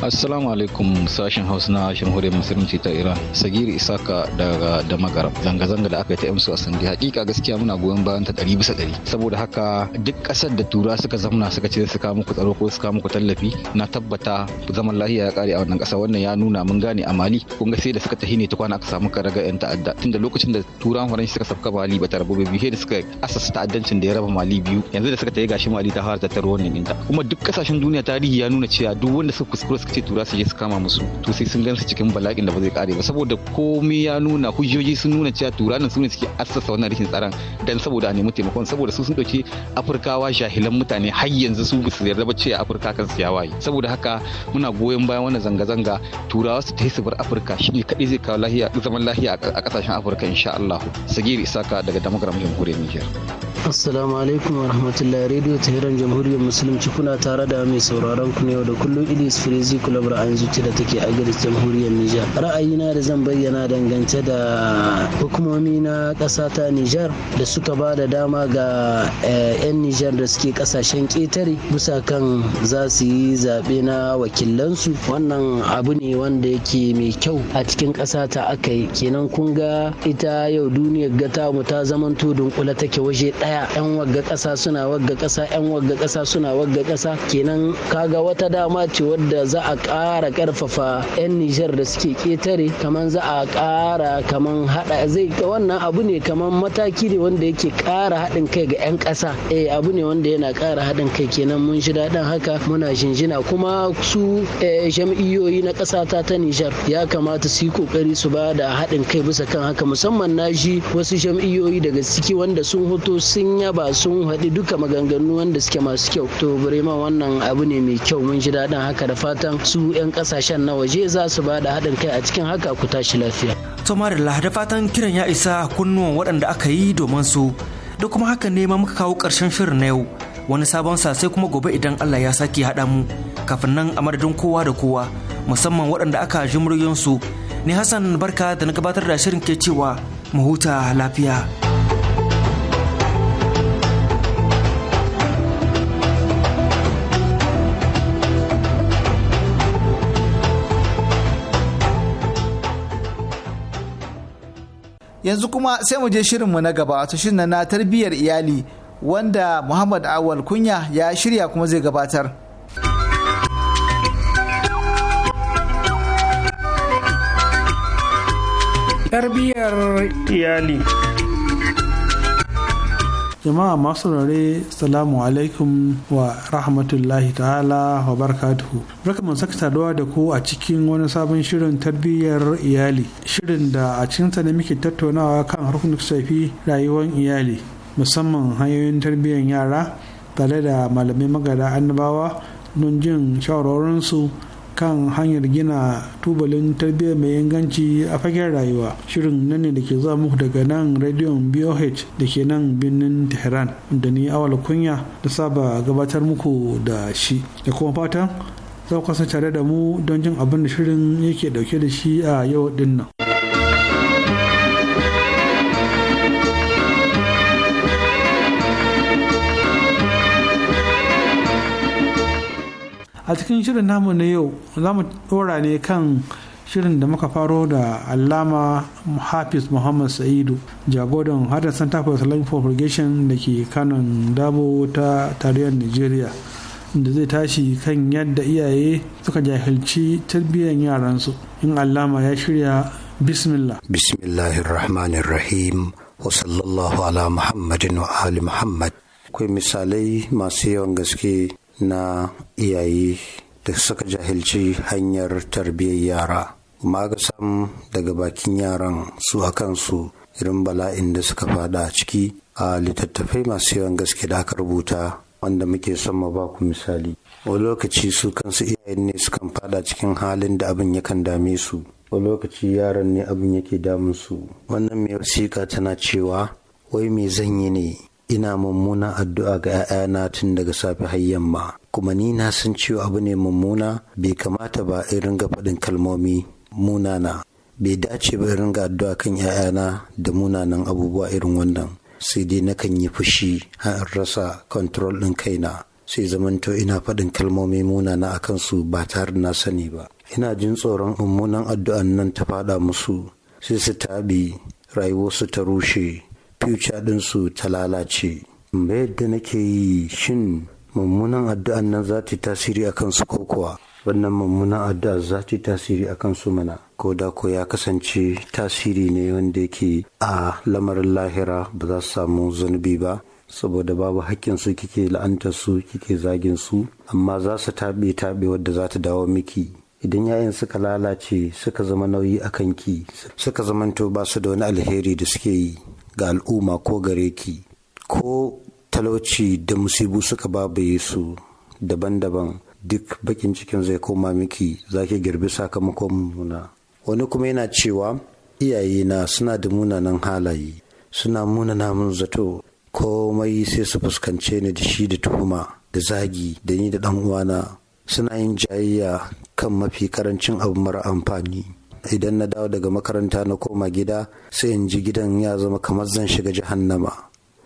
assalamu alaikum sashen hausa na jamhuriyar musulunci ta iran sagiri isaka daga da Magara. zanga-zanga da aka yi ta emsu a sandi hakika gaskiya muna goyon bayan ta ɗari bisa ɗari saboda haka duk ƙasar da tura suka zamna suka ce su kawo muku tsaro ko su kawo muku tallafi na tabbata zaman lafiya ya ƙare a wannan ƙasa wannan ya nuna mun gane a mali kun ga sai da suka tahi ne ta kwana aka samu karaga yan ta'adda tunda lokacin da turan faransa suka sabka mali ba ta rabu biyu da suka asasa ta'addancin da ya raba mali biyu yanzu da suka tahi gashi mali ta fara tattaro wannan ɗinta kuma duk ƙasashen duniya tarihi ya nuna cewa duk wanda suka kuskure suka ce tura su je su kama musu to sai sun gansu cikin bala'in da ba zai kare ba saboda komai ya nuna hujjoji sun nuna cewa tura nan sune suke assasa wannan rikin tsaron dan saboda a nemi taimakon saboda su sun dauki afirkawa jahilan mutane har yanzu su ba su yarda ba cewa afirka kan su ya waye saboda haka muna goyon bayan wannan zanga-zanga turawa su tafi su bar afirka shine kadai zai kawo lahiya zaman lahiya a kasashen afirka insha Allah sagiri isaka daga damagaram jamhuriyar Niger Assalamu alaikum wa rahmatullahi radio ta jamhuriyar musulunci kuna tare da mai sauraron ku ne da kullum Idris Frizi Fati Club ra'ayin zuci da take a gidan Jamhuriyar Nijar. Ra'ayina da zan bayyana dangance da hukumomi na ƙasa ta Nijar da suka ba da dama ga eh, 'yan Nijar da suke ƙasashen ƙetare bisa kan za su yi zaɓe na wakilansu wannan abu ne wanda yake mai kyau a cikin ƙasa ta aka yi kenan kun ga ita yau duniyar gata mu ta zaman to dunkula take waje ɗaya 'yan wagga ƙasa suna wagga ƙasa 'yan wagga ƙasa suna wagga ƙasa kenan kaga wata dama ce wadda za a ƙara ƙarfafa 'yan Nijar da suke ƙetare kamar za a ƙara kamar haɗa zai wannan abu ne kamar mataki ne wanda yake ƙara haɗin kai ga 'yan ƙasa eh abu ne wanda yana ƙara haɗin kai kenan mun shi daɗin haka muna jinjina kuma su eh, jam'iyyoyi na ƙasa ta ta Nijar ya kamata su yi ƙoƙari su ba da haɗin kai bisa kan haka musamman na ji wasu jam'iyyoyi daga ciki wanda sun hoto sun yaba sun haɗi duka maganganu wanda suke masu kyau to ma wannan abu ne mai kyau mun ji daɗin haka da fatan su 'yan kasashen na waje za su ba da haɗin kai a cikin haka ku tashi lafiya. Tomarilla da fatan kiran ya isa kunnuwan waɗanda aka yi domin su da kuma haka ne muka kawo ƙarshen shirin na yau wani sabon sa sai kuma gobe idan Allah ya sake haɗa mu kafin nan a madadin kowa da kowa musamman waɗanda aka ji muryoyinsu ne Hassan barka da na gabatar da shirin ke cewa mu huta lafiya. yanzu kuma sai mu je shirinmu na gaba wato shirin na tarbiyyar iyali wanda muhammad awal kunya ya shirya kuma zai gabatar tarbiyyar iyali jama'a masu rare salamu alaikum wa rahmatullahi ta'ala wa barakatuhu mun saka saduwa da ku a cikin wani sabon shirin tarbiyyar iyali shirin da a cikinsa ne muke tattaunawa kan harkokin shafi rayuwar iyali musamman hanyoyin tarbiyyar yara tare da malamai magada annabawa don jin shawarorinsu kan hanyar gina tubalin tarbiyyar mai inganci a fagen rayuwa shirin nan ne da ke zuwa muku daga nan rediyon boh da ke nan birnin tehran da ni awal kunya da saba gabatar muku da shi da kuma fatan za ku kasance tare da mu don jin abin da shirin yake dauke da shi a yau dinnan. a cikin shirin namu na yau za mu dora ne kan shirin da muka faro da allama hafiz muhammad sa'idu jagoran hadar center for islamic propagation da ke kanon dabo ta tarayyar nigeria da zai tashi kan yadda iyaye suka jahilci tarbiyyar yaransu in allama ya shirya bismillah rahim, wa sallallahu ala muhammadin wa ali muhammad akwai misalai masu yawan gaske na iyaye da suka jahilci hanyar tarbiyyar yara sam daga bakin yaran su a kansu irin bala'in da suka fada a ciki a littattafai masu yawan gaske da aka rubuta wanda muke son ma baku misali wani lokaci su kansu iyayen ne sukan fada cikin halin da abin yakan dame su wani lokaci yaran ne abin yake damun su wannan mai wasiƙa tana cewa wai me zanyi ne ina mummuna addu'a ga 'ya'yana tun daga safe har yamma kuma ni na san cewa abu ne mummuna bai kamata ba irin ringa faɗin kalmomi munana bai dace ba in ringa addu'a kan 'ya'yana da munanan abubuwa irin wannan sai dai na kan yi fushi har rasa control ɗin kaina sai zamanto ina faɗin kalmomi munana a kansu ba tare na sani ba ina jin tsoron mummunan addu'an nan ta faɗa musu sai su taɓi rayuwarsu ta rushe future ɗinsu ta lalace mayar yadda nake yi shin mummunan addu'an nan za ta tasiri a kansu ko kuwa wannan mummunan addu'a za ta tasiri a kansu mana ko da ko ya kasance tasiri ne wanda yake a lamarin lahira ba za su samu zunubi ba saboda babu hakkin su kike la'antar su kike zagin su amma za su taɓe taɓe wadda za ta dawo miki idan yayin suka lalace suka zama nauyi a kanki suka zamanto ba su da wani alheri da suke yi ga al'umma ko gare ki ko talauci da musibu suka babaye su daban-daban duk bakin cikin zai koma miki za ki girbi sakamakon muna wani kuma yana cewa iyayena suna da munanan halaye suna munana mun zato komai sai su fuskance ni da shi da tuhuma da zagi da ni da dan uwana suna yin jayayya kan mafi karancin abu mara amfani idan na dawo daga makaranta na koma gida sai in ji gidan ya zama kamar zan shiga jahannama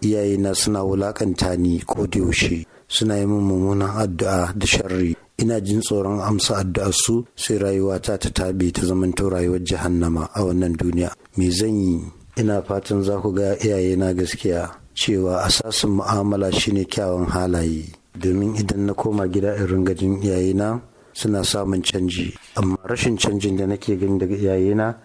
iyayena suna wulakanta ni ko da yaushe suna yi min mummunan addu'a da sharri ina jin tsoron amsa addu'ar su sai rayuwata ta tabe ta zamanto rayuwar jahannama a wannan duniya me zan yi ina fatan za ku ga iyayena gaskiya cewa asasin mu'amala shine kyawun halaye domin idan na koma gida in ringa jin iyayena suna samun canji amma rashin canjin da nake gani daga iyayena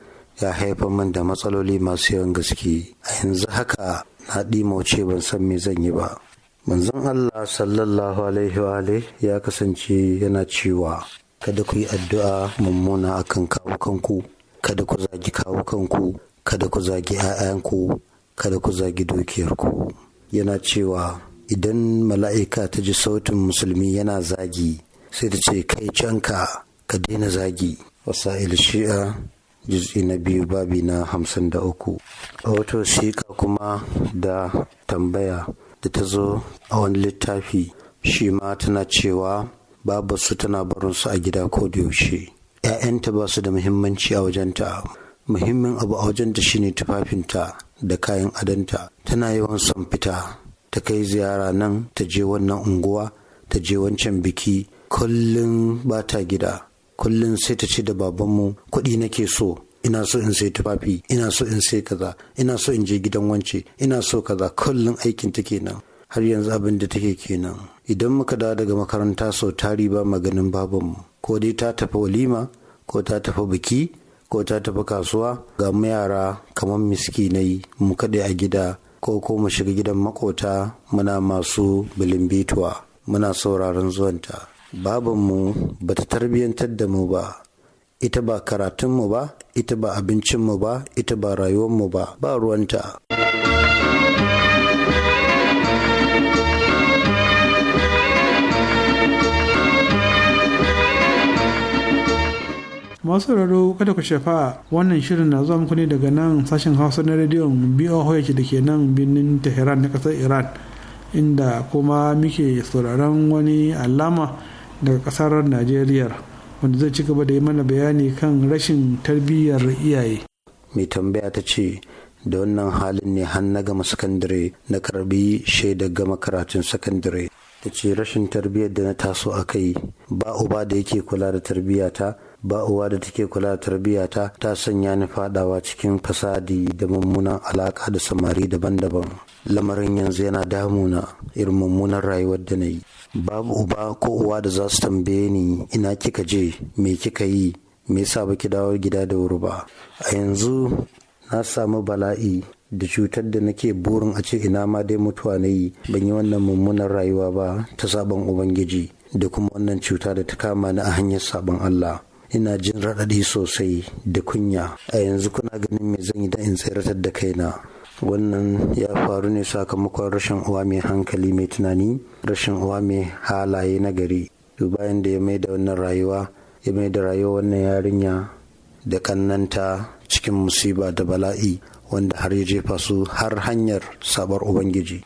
ya haifar min da matsaloli masu yawan gaske a yanzu haka na ɗimauce ban san me zan yi ba manzon Allah sallallahu alaihi wa ya kasance yana cewa kada ku yi addu'a mummuna akan kawo kanku kada ku zagi kawo kanku kada ku zagi 'ya'yanku kada ku zagi dukiyarku yana cewa idan mala'ika ta ji sautin musulmi yana zagi sai ta ce kai canka ka daina zagi wasa'il shi'a juz'i na biyu babi na hamsin da uku a wata wasiƙa kuma da tambaya da ta zo a wani littafi shi ma tana cewa babu su tana barin a gida ko da yaushe ‘ya'yanta ba su da muhimmanci a wajenta muhimmin abu a wajenta shine tufafinta da kayan adanta tana yawan son fita ta kai ziyara nan ta je wannan unguwa ta je wancan biki kullum ba ta gida kullum sai ta ce da babanmu kuɗi nake so ina so in sai tufafi ina so in sai kaza ina so in je gidan wance ina so kaza kullum aikin ta kenan har yanzu abin da take kenan idan muka dawo daga makaranta sau tari ba maganin babanmu ko dai ta tafi walima ko ta tafi biki ko ta tafi kasuwa ga mu yara kamar miskinai mu kaɗai a gida ko ko mu shiga gidan makota muna masu bilimbituwa muna sauraron zuwanta babanmu ba ta tarbiyyantar da mu ba ita ba karatunmu ba ita ba abincinmu ba ita ba rayuwarmu ba ba ruwanta masu raro kada ku shafa wannan shirin na zuwa muku ne daga nan sashen hausa na rediyon boh da ke nan birnin tehran na kasar iran inda kuma muke sauraron wani alama daga kasar najeriya wanda zai ci gaba da yi mana bayani kan rashin tarbiyyar iyaye mai tambaya ta ce da wannan halin ne har na gama sakandare na karbi shaidar gama karatun sakandare ta ce rashin tarbiyyar da na taso a kai ba uba da yake kula da tarbiyyata ba uwa da take kula da tarbiyyata ta sanya ni fadawa cikin fasadi da mummunan alaka da samari daban-daban lamarin yanzu yana damuna irin mummunan rayuwar da na yi babu uba ko uwa da za su tambaye ni ina kika je me kika yi me yasa baki dawo gida da wuri ba a yanzu na samu bala'i da cutar da nake burin a ce ina ma dai mutuwa na yi ban yi wannan mummunan rayuwa ba ta sabon ubangiji da kuma wannan cuta da ta kama ni a hanyar sabon Allah ina jin raɗaɗi sosai da kunya a yanzu kuna ganin me zan yi da in tsayar da kaina wannan ya faru ne sakamakon rashin uwa mai hankali mai tunani rashin uwa mai halaye na gari bayan da ya mai da wannan rayuwa ya mai da rayuwa wannan yarinya da kannanta cikin musiba da bala'i wanda har ya jefa su har hanyar sabar ubangiji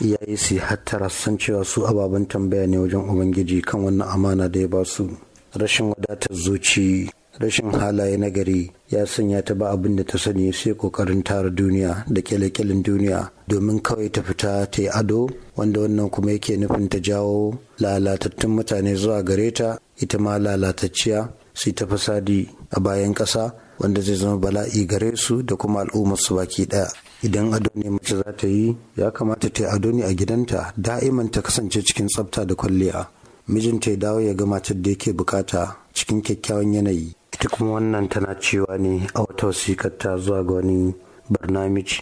iyaye su hattara san cewa su ababen tambaya ne wajen ubangiji kan wannan amana da ya ba su rashin wadatar zuci rashin halaye nagari ya sanya ta ba abin da ta sani sai kokarin tara duniya da kyale-kyalen duniya domin kawai ta fita ta yi ado wanda wannan kuma yake nufin ta jawo lalatattun mutane zuwa gare ta ita ma lalatacciya sai ta fasadi a bayan ƙasa wanda zai zama bala'i gare su da kuma al'ummar su baki ɗaya idan ado ne mace za ta yi ya kamata ta yi ado ne a gidanta da'iman ta kasance cikin tsafta da kwalliya mijinta ya dawo ya ga matar da yake bukata cikin kyakkyawan yanayi ita kuma wannan tana cewa ne a wata wasikarta zuwa ga wani barnamiji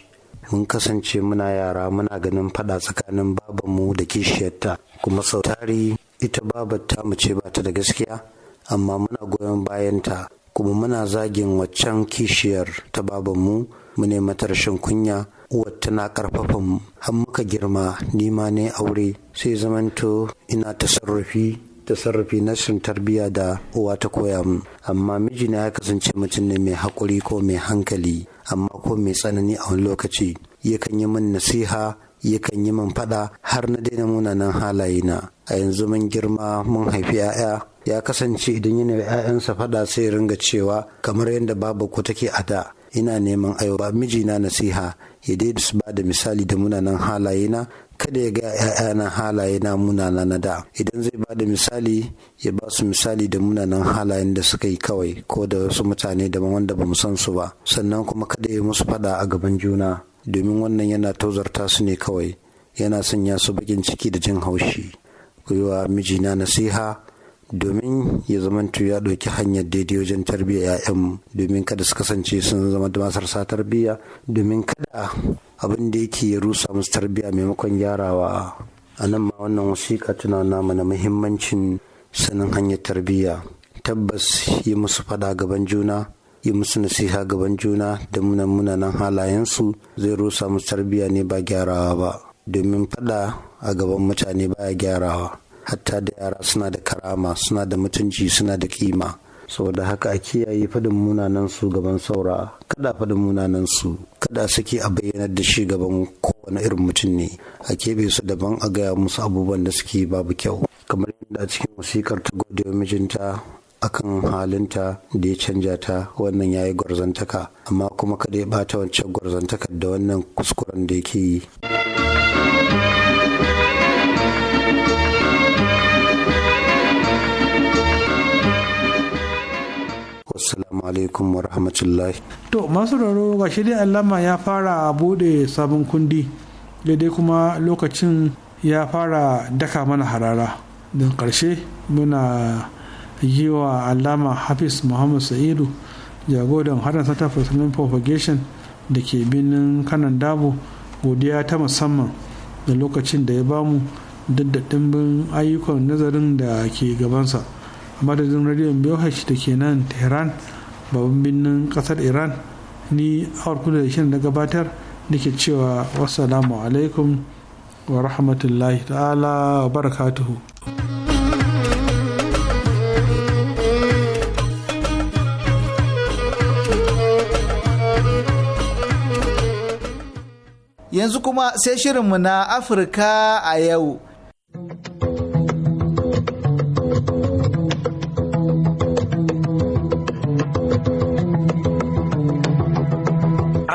mun kasance muna yara muna ganin fada tsakanin babanmu da kishiyarta kuma sau tari ita babar ta mu ba ta da gaskiya amma muna goyon bayanta kuma muna zagin waccan kishiyar ta babanmu mu ne mata rashin kunya uwar tana karfafa mu har muka girma nima ne aure sai zamanto ina tasarrufi sarrafi na shirin tarbiyya da uwa ta koya mu amma mijina ya kasance mutum ne mai haƙuri ko mai hankali amma ko mai tsanani a wani lokaci yakan yi min nasiha yakan yi min faɗa har na daina munanan halaye na a yanzu mun girma mun haifi 'ya'ya ya kasance idan yana 'ya'yansa faɗa sai ringa cewa kamar yadda babu ku take a da ina neman ayo mijina nasiha ya dai su ba da misali da munanan halaye na kada ya ga ‘ya'yana halaye na munana na da idan zai ba da misali ya ba su misali da munanan halayen da suka yi kawai ko da wasu mutane daban wanda ba mu san su ba sannan kuma kada ya musu fada a gaban juna domin wannan yana tozarta su ne kawai yana sanya su bakin ciki da jin haushi ku yi wa mijina nasiha domin ya zama ya ɗauki hanyar daidai wajen tarbiyyar 'ya'yan domin kada su kasance sun zama da masarsa tarbiyya domin kada abin da yake ya rusa musu tarbiyya maimakon gyarawa a nan ma wannan wasiƙa tana nama na muhimmancin sanin hanyar tarbiyya tabbas yi musu faɗa gaban juna yi musu nasiha gaban juna da muna munanan halayensu zai rusa musu tarbiyya ne ba gyarawa ba domin faɗa a gaban mutane baya gyarawa hatta da yara suna da karama suna da mutunci suna da kima saboda haka a kiyaye fadin munanan su gaban saura kada fadin munanan su kada suke a bayyanar da shi gaban kowane irin mutum ne a keɓe su daban a gaya musu abubuwan da suke babu kyau kamar yadda a cikin wasikar ta gode mijinta akan halinta da ya canja ta wannan yayi gwarzantaka amma kuma kada ya bata wancan gwarzantakar da wannan kuskuren da yake yi. Assalamu alaikum wa rahmatullahi. To masu raro ga shi dai Allama ya fara bude sabon kundi daidai kuma lokacin ya fara daka mana harara. Don ƙarshe muna yi wa Allama Hafiz Muhammad Sa'idu jagoran harin sata fursunan Propagation da ke binin kanan dabo godiya ta musamman da lokacin da ya bamu duk da ɗimbin ayyukan nazarin da ke gabansa. a madadin radiyon haishi da ke nan Tehran babban birnin kasar Iran ni a kudu da shirin da gabatar da ke cewa wassalamu alaikum wa rahmatullahi ta'ala wa barakatuhu. Yanzu kuma sai shirinmu na Afirka a yau.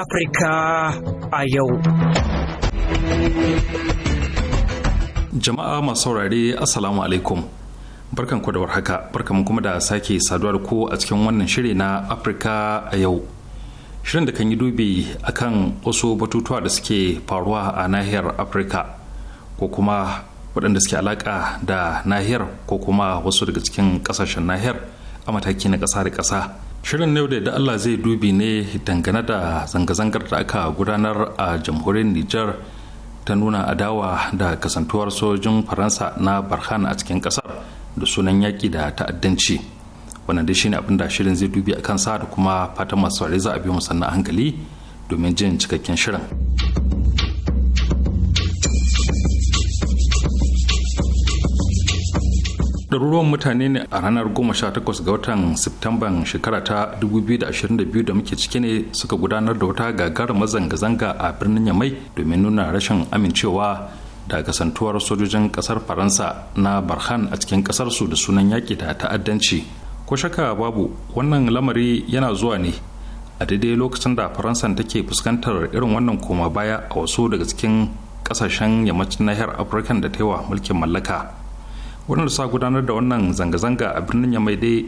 Afirka a yau. Jama'a masu saurare Assalamu alaikum. Barkan ku da warhaka, mu kuma da sake saduwa da ku a cikin wannan shiri na Afirka a yau. Shirin da kan yi dubi akan wasu batutuwa da suke faruwa a nahiyar Afirka ko kuma waɗanda suke alaƙa da nahiyar ko kuma wasu daga cikin ƙasashen nahiyar a mataki na ƙasa da ƙasa. shirin yau da Allah zai dubi ne dangane da zanga-zangar da aka gudanar a jamhuriyar Nijar ta nuna adawa da kasantuwar sojin Faransa na Barhan a cikin kasar da sunan yaƙi da ta'addanci. Wannan dai shine abin da shirin zai dubi a kansa da kuma fatan masu za a bi a hankali domin jin cikakken shirin. ɗaruruwan mutane ne a ranar 18 ga watan Septamban shekara ta 2022 da muke cike ne suka gudanar da wata gagarumar mazanga zanga a birnin Yamai domin nuna rashin amincewa da kasantuwar sojojin ƙasar Faransa na Barhan a cikin ƙasarsu da sunan yaƙi da ta'addanci. Ko shaka babu wannan lamari yana zuwa ne a daidai lokacin da Faransa take fuskantar irin wannan koma baya a wasu daga cikin ƙasashen yammacin nahiyar Afirka da ta yi wa mulkin mallaka. waɗanda sa gudanar da wannan zanga-zanga a birnin yamai dai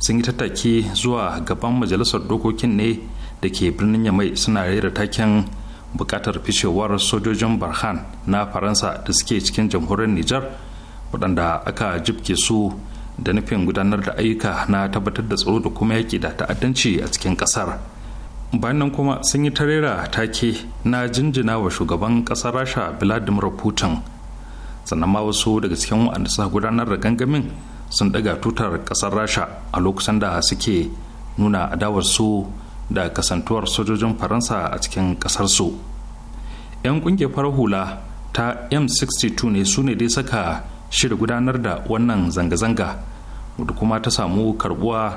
sun yi tattaki zuwa gaban majalisar dokokin ne da ke birnin yamai suna rera taken bukatar ficewar sojojin barhan na faransa da suke cikin jamhuriyar nijar waɗanda aka jibke su da nufin gudanar da ayyuka na tabbatar da tsaro da kuma yaƙi da ta'addanci a cikin ƙasar bayan nan kuma sun yi ta rera take na jinjina wa shugaban ƙasar rasha vladimir putin sannan ma wasu daga cikin waɗanda suka gudanar da gangamin sun daga tutar ƙasar rasha a lokacin da suke nuna adawarsu da kasantuwar sojojin faransa a cikin ƙasarsu 'yan ƙungiyar farar hula ta m62 ne su ne dai saka shirya gudanar da wannan zanga-zanga wadda kuma ta samu karbuwa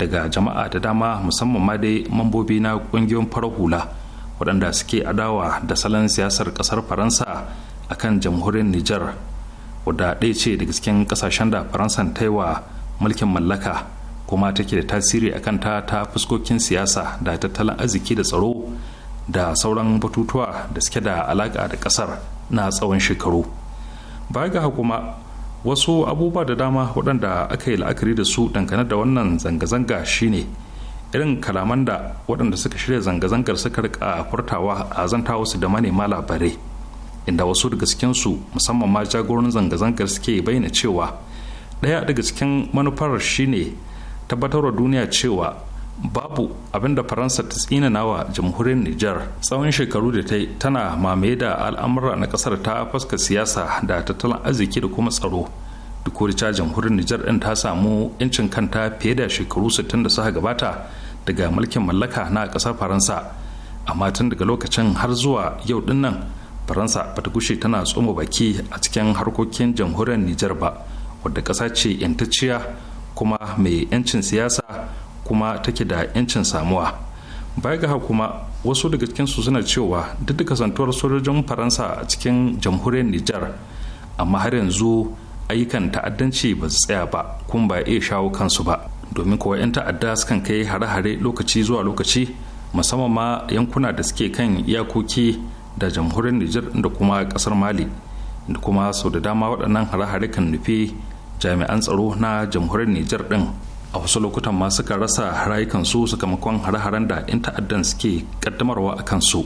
daga jama'a da dama musamman ma dai mambobi na ƙungiyoyin farar hula waɗanda suke adawa da salon siyasar ƙasar faransa a kan jamhuriyar niger wadda ɗaya ce daga cikin ƙasashen da faransan ta yi wa mulkin mallaka kuma take da tasiri a kan ta fuskokin siyasa da tattalin arziki da tsaro da sauran batutuwa da suke da alaƙa da ƙasar na tsawon shekaru baya ga kuma wasu abubuwa da dama waɗanda aka yi la'akari da su dangane da wannan zanga-zanga shine irin kalaman da waɗanda suka shirya zanga-zangar suka rika furtawa a zanta wasu da manema labarai inda wasu daga su musamman ma jagoran zanga-zangar suke bayyana cewa ɗaya daga cikin manufar shine tabbatarwa duniya cewa babu abin da faransa ta tsina nawa jamhuriyar niger tsawon shekaru da ta tana mamaye da al'amura na kasar ta fuska siyasa da tattalin arziki da kuma tsaro duk da jamhuriyar niger ɗin ta samu 'yancin kanta fiye da shekaru 60 da suka gabata daga mulkin mallaka na kasar faransa amma tun daga lokacin har zuwa yau dinnan faransa ba bata gushe tana tsoma baki a cikin harkokin jamhuriyar nijar ba wadda ƙasa ce yantacciya kuma mai yancin siyasa kuma take da yancin samuwa baya ga kuma wasu daga cikinsu suna cewa duk da kasantuwar sojojin faransa a cikin jamhuriyar nijar amma har yanzu ayyukan ta'addanci ba su tsaya ba kuma ba iya shawo kansu ba domin kuwa 'yan ta'adda sukan kai hare-hare lokaci zuwa lokaci musamman ma yankuna da suke kan iyakoki da jamhuriyar niger da kuma kasar mali da kuma sau da dama waɗannan hare-hare kan nufi jami'an tsaro na jamhuriyar nijar ɗin a wasu lokutan ma suka rasa su sakamakon hare-haren da 'yan ta'addan suke kaddamarwa a kansu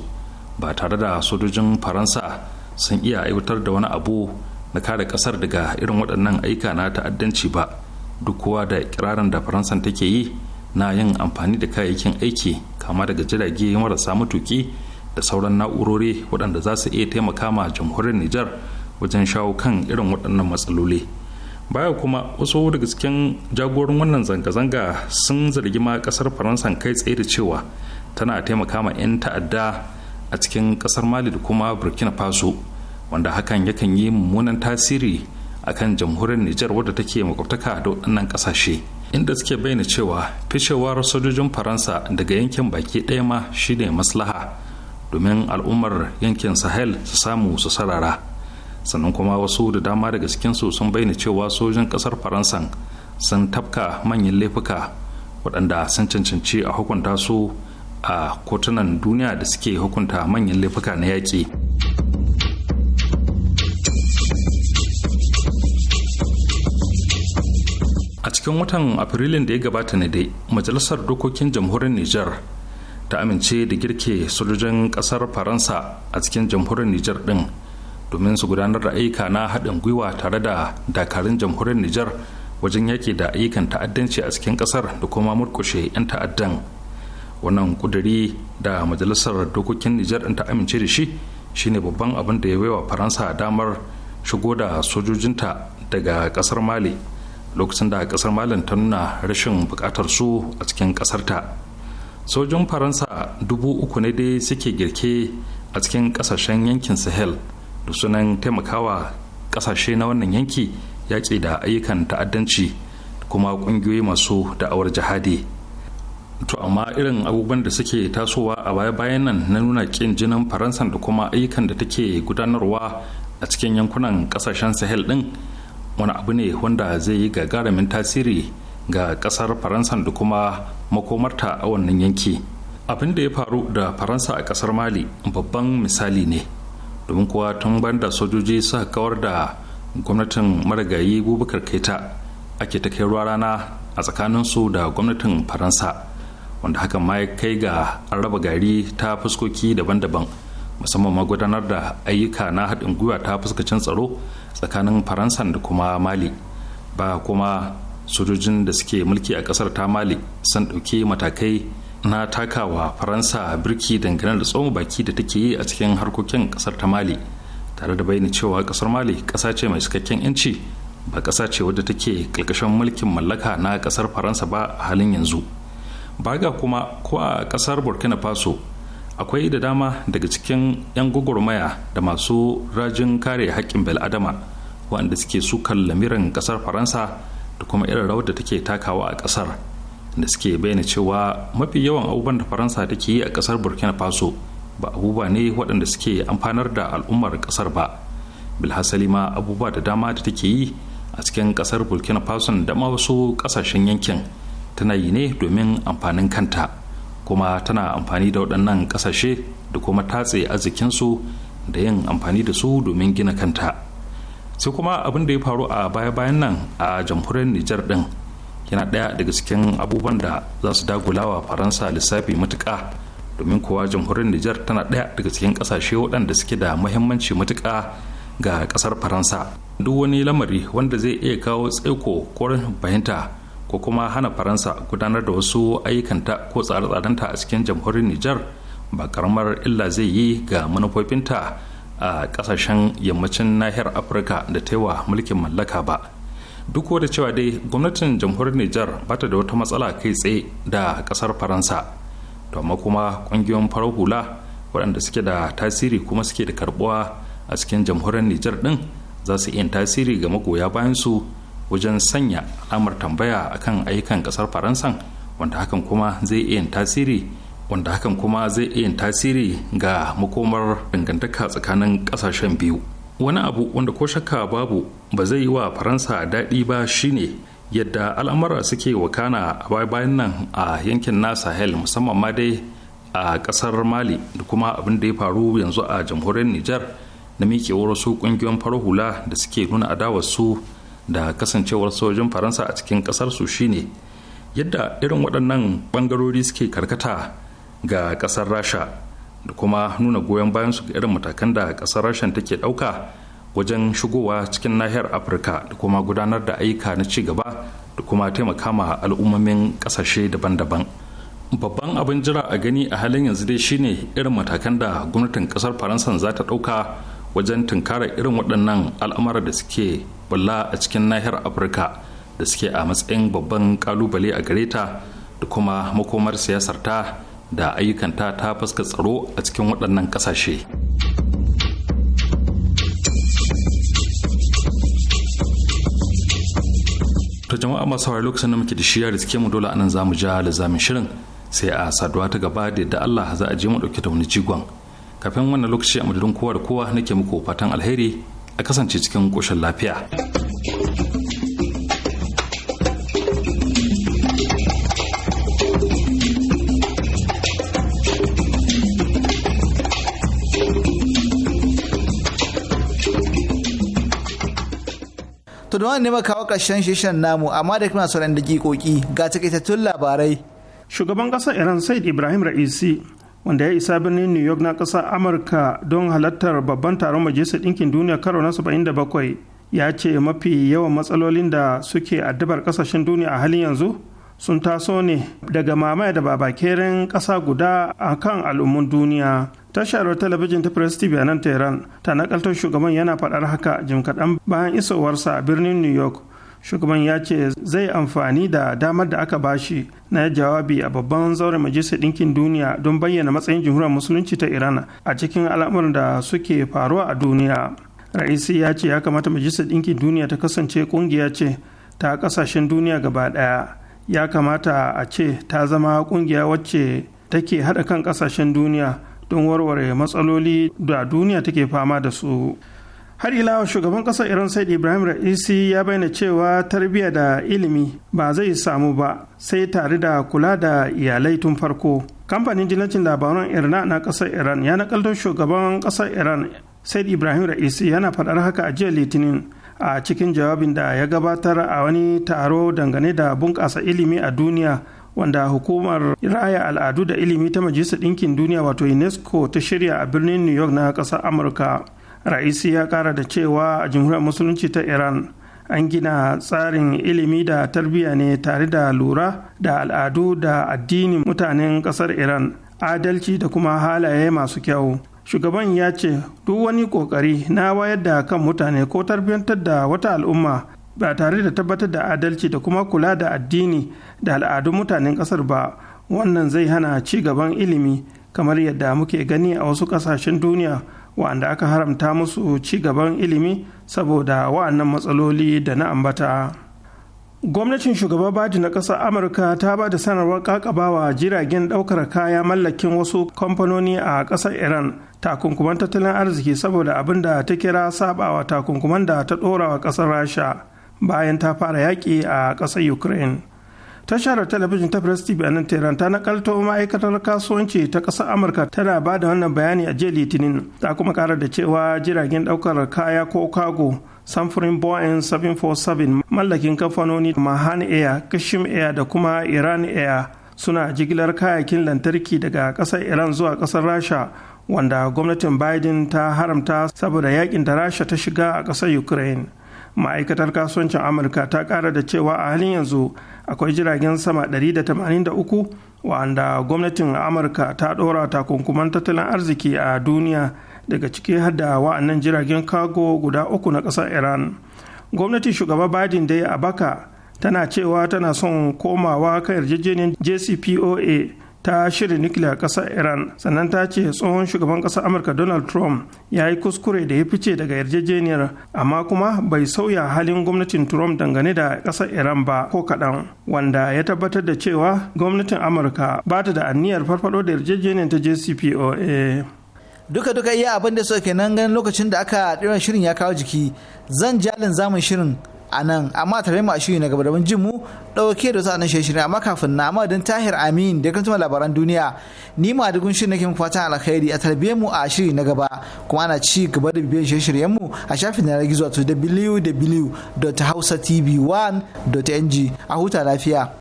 ba tare da sojojin faransa sun iya aiwatar da wani abu na kare kasar daga irin waɗannan aika na ta'addanci ba duk kowa da kirarin da faransa take yi na yin amfani da kayayyakin aiki kama daga jirage marasa matuki da sauran na'urori waɗanda za su iya taimaka ma jamhuriyar Nijar wajen shawo kan irin waɗannan matsaloli. Baya kuma wasu daga cikin jagorin wannan zanga-zanga sun zargi ma ƙasar faransa kai tsaye da cewa tana taimaka ma 'yan ta'adda a cikin ƙasar Mali da kuma Burkina Faso wanda hakan yakan yi mummunan tasiri a kan jamhuriyar Nijar wadda take makwabtaka da waɗannan ƙasashe. inda suke bayyana cewa fishewar sojojin faransa daga yankin baki ɗaya ma shine maslaha domin al'ummar yankin sahel su samu su sarara sannan kuma wasu da dama daga cikinsu sun bayyana cewa sojin kasar faransan sun tafka manyan laifuka waɗanda sun cancanci a hukunta su a kotunan duniya da suke hukunta manyan laifuka na yaƙi a cikin watan afrilun da ya gabata ne dai majalisar dokokin jamhuriyar niger ta amince da girke sojojin kasar faransa a cikin jamhuriyar nijar din domin su gudanar da ayyuka na haɗin gwiwa tare da dakarun jamhuriyar nijar wajen yaƙi da ayyukan ta'addanci a cikin ƙasar da kuma murkushe 'yan ta'addan wannan kuduri da majalisar dokokin nijar ta amince da shi shine babban abin da ya wa faransa damar shigo da sojojinta daga ƙasar mali lokacin da kasar malin ta nuna rashin bukatar su a cikin kasarta sojin faransa dubu uku ne dai suke girke a cikin kasashen yankin sahel da sunan taimakawa kasashe na wannan yanki yaƙi da ayyukan ta'addanci kuma ƙungiyoyi masu da'awar jihadi to amma irin abubuwan da suke tasowa a baya-bayan nan na nuna ƙin jinin faransa da kuma ayyukan da take gudanarwa a cikin yankunan kasashen sahel ɗin wani abu ne wanda zai yi gagarumin tasiri ga kasar faransa da kuma makomarta a wannan yanki abin da ya faru da faransa a kasar mali babban misali ne domin kuwa tun banda sojoji suka kawar da gwamnatin marigayi bubukar keta ake ta kai ruwa rana a tsakaninsu da gwamnatin faransa wanda hakan ma ya kai ga an raba gari ta fuskoki daban-daban musamman ma gudanar da ayyuka na haɗin gwiwa ta fuskacin tsaro tsakanin faransa da kuma mali ba kuma sojojin da suke mulki a kasar ta mali san ɗauki matakai na takawa faransa birki dangane da tsawon baki da take yi a cikin harkokin kasar ta mali tare da bayyana cewa kasar mali ƙasa ce mai cikakken yanci ba ƙasa ce wadda take ƙarƙashin mulkin mallaka na ƙasar faransa ba a halin yanzu baga kuma ko a ƙasar burkina faso akwai da dama daga cikin 'yan gwagwarmaya da masu rajin kare haƙƙin bel'adama waɗanda suke sukan lamirin ƙasar faransa da kuma irin rawar da take takawa a kasar da suke bayyana cewa mafi yawan abubuwan da faransa take yi a kasar burkina faso ba abubuwa ne waɗanda suke amfanar da al'ummar kasar ba bilhassali ma abubuwa da dama da take yi a cikin kasar burkina faso da ma wasu kasashen yankin tana yi ne domin amfanin kanta kuma tana amfani da waɗannan kasashe da kuma tatse arzikinsu da yin amfani da su domin gina kanta. sai kuma abin da ya faru a baya-bayan nan a jamhuriyar nijar din yana ɗaya daga cikin abubuwan da za su wa faransa lissafi matuka domin kowa jamhuriyar nijar tana ɗaya daga cikin ƙasashe waɗanda suke da muhimmanci matuka ga ƙasar faransa duk wani lamari wanda zai iya kawo tsaiko ko fahimta ko kuma hana faransa gudanar da wasu ayyukanta ko tsare-tsarenta a cikin jamhuriyar nijar ba karamar illa zai yi ga manufofinta a kasashen yammacin nahiyar afirka da ta taiwa mulkin mallaka ba duk da cewa dai gwamnatin jamhuriyar niger ba ta da wata matsala kai tsaye da kasar faransa to amma kuma kungiyoyin farar hula waɗanda suke da tasiri kuma suke da karbuwa a cikin jamhuriyar niger din za su iya tasiri ga magoya bayan su wajen sanya alamar tambaya akan ayyukan kasar faransan wanda hakan kuma zai iya tasiri wanda hakan kuma zai iya tasiri ga makomar dangantaka tsakanin kasashen biyu wani abu wanda ko shakka babu ba zai yi wa faransa daɗi ba shine yadda al'amura suke wakana a bayan nan a yankin na sahel musamman ma dai a ƙasar mali da kuma abin da ya faru yanzu a jamhuriyar nijar na miƙewar su ƙungiyoyin farar hula da suke nuna su da kasancewar sojin faransa a cikin su shine yadda irin waɗannan ɓangarori suke karkata ga kasar rasha da kuma nuna goyon bayan su ga irin matakan da kasar rasha take dauka wajen shigowa cikin nahiyar afirka da kuma gudanar da ayyuka na ci gaba da kuma taimaka ma al'ummomin kasashe daban-daban babban abin jira a gani a halin yanzu dai shine irin matakan da gwamnatin kasar faransa za ta dauka wajen tunkara irin waɗannan al'amara da suke bulla a cikin nahiyar afirka da suke a matsayin babban kalubale a gareta da kuma makomar siyasar ta da ayyukanta ta fuska tsaro a cikin waɗannan ƙasashe. To jama'a masu haurari lokacin da muke da shi ya riske mu dole anan mu ja lizamin shirin sai a saduwa ta gaba da yadda Allah za a je mu dauke da wani jigon. Kafin wannan lokaci a madadin kowa da kowa nake muku fatan alheri a kasance cikin ƙoshin lafiya. to da ne kawo ƙarshen shishan namu amma da kuma sauran dakikoki ga takaitattun labarai. Shugaban ƙasar Iran Said Ibrahim Ra'isi wanda ya isa birnin New York na ƙasar Amurka don halartar babban taron majalisar ɗinkin duniya karo na 77 ya ce mafi yawan matsalolin da suke addabar ƙasashen duniya a halin yanzu sun taso ne daga mamaya da babakeren ƙasa guda a kan al'ummun duniya tashar talabijin ta press tv a nan tehran ta nakaltar shugaban yana faɗar haka jim kaɗan bayan isowarsa a birnin new york shugaban ya ce zai amfani da damar da aka bashi na jawabi a babban zauren majalisar ɗinkin duniya don bayyana matsayin jimhuriyar musulunci ta iran a cikin al'amuran da suke faruwa a duniya raisi ya ce ya kamata majalisar ɗinkin duniya ta kasance ƙungiya ce ta kasashen duniya gaba ɗaya ya kamata a ce ta zama kungiya wacce take haɗa kan ƙasashen duniya don warware matsaloli da duniya take fama da su har ila shugaban ƙasar iran said ibrahim ra'isi ya bayyana cewa tarbiyya da ilimi ba zai samu ba sai tare da kula da iyalai tun farko kamfanin jinacin labaran irna na ƙasar iran ya nakaltar shugaban ƙasar iran said ibrahim ra'isi yana faɗar haka a jiya litinin a cikin jawabin da ya gabatar a wani taro dangane da bunƙasa ilimi a duniya wanda hukumar raya al'adu da ilimi ta majalisar ɗinkin duniya wato unesco ta shirya a birnin new york na ƙasar amurka ra'isi ya ƙara da cewa a jamhuriyar musulunci ta iran an gina tsarin ilimi da tarbiyya ne tare da lura da al'adu da addinin mutanen ƙasar iran adalci da kuma halaye masu kyau shugaban ya ce duk wani kokari na wayar da kan mutane ko tarbiyantar da wata al'umma ba tare da tabbatar da adalci da kuma kula da addini da al'adun mutanen kasar ba wannan zai hana ci gaban ilimi kamar yadda muke gani a wasu kasashen duniya wa'anda aka haramta musu ci gaban ilimi saboda wa'annan matsaloli da na ambata. gwamnatin shugaba badi na ƙasar amurka ta ba da sanarwar kakabawa jiragen ɗaukar kaya mallakin wasu kamfanoni a ƙasar iran takunkuman tattalin arziki saboda abin da ta kira sabawa takunkuman da ta ɗora wa ƙasar rasha bayan ta fara yaƙi a ƙasar ukraine tashar talabijin ta press tv a nan tehran ta nakalto ma'aikatar kasuwanci ta ƙasar amurka tana bada wannan bayani a jiya litinin ta kuma ƙara da cewa jiragen ɗaukar kaya ko kago samfurin boeing 747 mallakin kamfanoni mahan air kashim air da kuma iran air suna jigilar kayakin lantarki daga kasar iran zuwa kasar rasha wanda gwamnatin biden ta haramta saboda yakin da rasha ta shiga a kasar ukraine ma'aikatar kasuwancin amurka ta kara da cewa a halin yanzu akwai jiragen sama 183 wanda gwamnatin amurka ta ɗora takunkuman tattalin arziki a duniya daga ciki har da wa'annan jiragen kago guda uku na ƙasar iran gwamnatin shugaba biden dai a baka tana cewa tana son komawa kan yarjejeniyar jcpoa ta shirin nukiliya ƙasar iran sannan ta ce tsohon shugaban ƙasar amurka donald trump ya yi kuskure da ya fice daga yarjejeniyar amma kuma bai sauya halin gwamnatin trump dangane da ƙasar iran ba ko kaɗan wanda ya tabbatar da cewa gwamnatin amurka ba ta da aniyar farfado da yarjejeniyar ta jcpoa duka duka iya abin da suka kenan ganin lokacin da aka ɗiran shirin ya kawo jiki zan jalin zamun shirin a nan amma tare mu a shiri na gaba da jin mu ɗauke da sa'anin shirin amma kafin na amma don tahir amin da kantuma labaran duniya ni ma dugun shirin nake muku fatan alkhairi a tarbiye mu a shiri na gaba kuma ana ci gaba da bibiyar shirye-shiryen mu a shafin na gizo wato www.hausatv1.ng a huta lafiya.